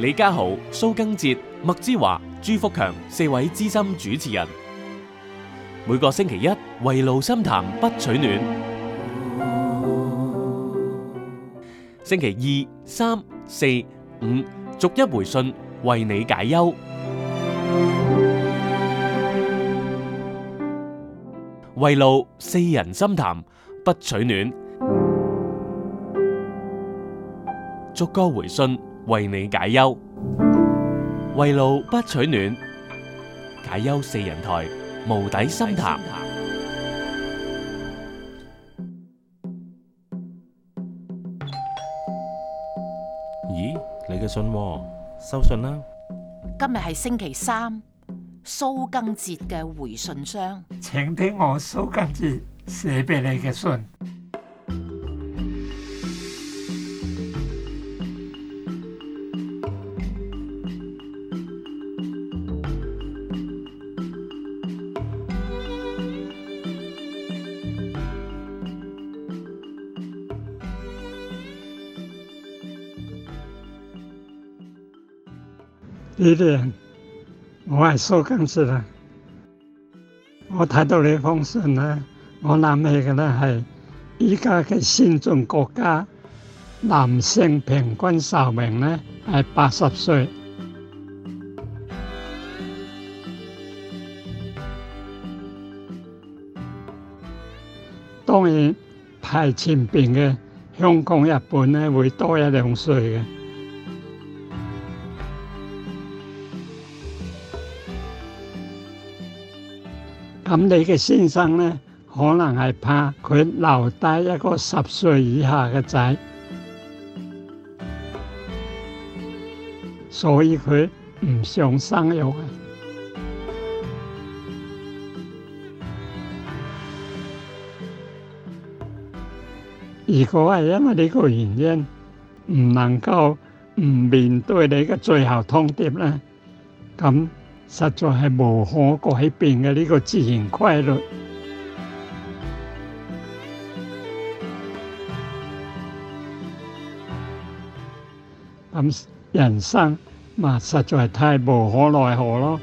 李家豪、蘇賡哲、麥之華、朱福強四位資深主持人，每個星期一圍爐心談不取暖，星期二、三、四、五逐一回信為你解憂，圍爐四人心談不取暖，逐個回信。為你解憂，為路不取暖。解憂四人台，無底深潭。咦，你嘅信，收信啦。今日係星期三，蘇賡哲嘅回信箱，請聽我蘇賡哲寫俾你嘅信。李連，我係蘇賡哲啦，我睇到你封信咧，我諗起嘅咧係，依家嘅先進國家男性平均壽命咧係八十歲，當然排前邊嘅香港、日本咧會多一兩歲嘅。咁你嘅先生呢，可能係怕佢留低一個十歲以下嘅仔，所以佢唔想生育。如果係因為呢個原因唔能夠唔面對你嘅最後通牒呢，咁。實在係無可改變嘅呢個自然規律，人生嘛實在係太無可奈何咯。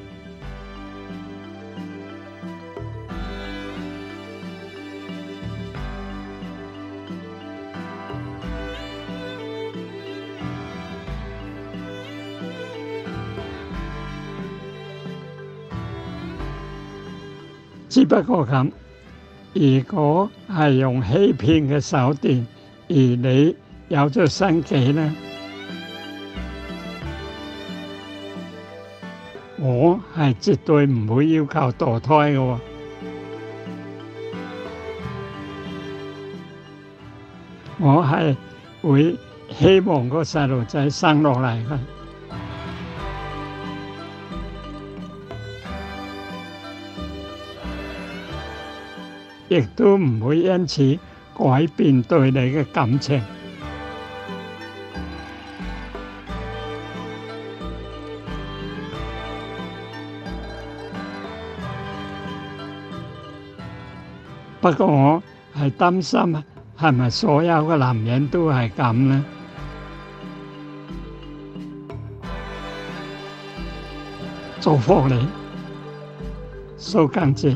只不過咁，如果係用欺騙嘅手段，而你有咗身己呢，我係絕對唔會要求墮胎嘅。我係會希望個細路仔生落嚟嘅。亦都唔會因此改變對你嘅感情。不過我係擔心係咪所有嘅男人都係咁呢？祝福你，蘇賡哲。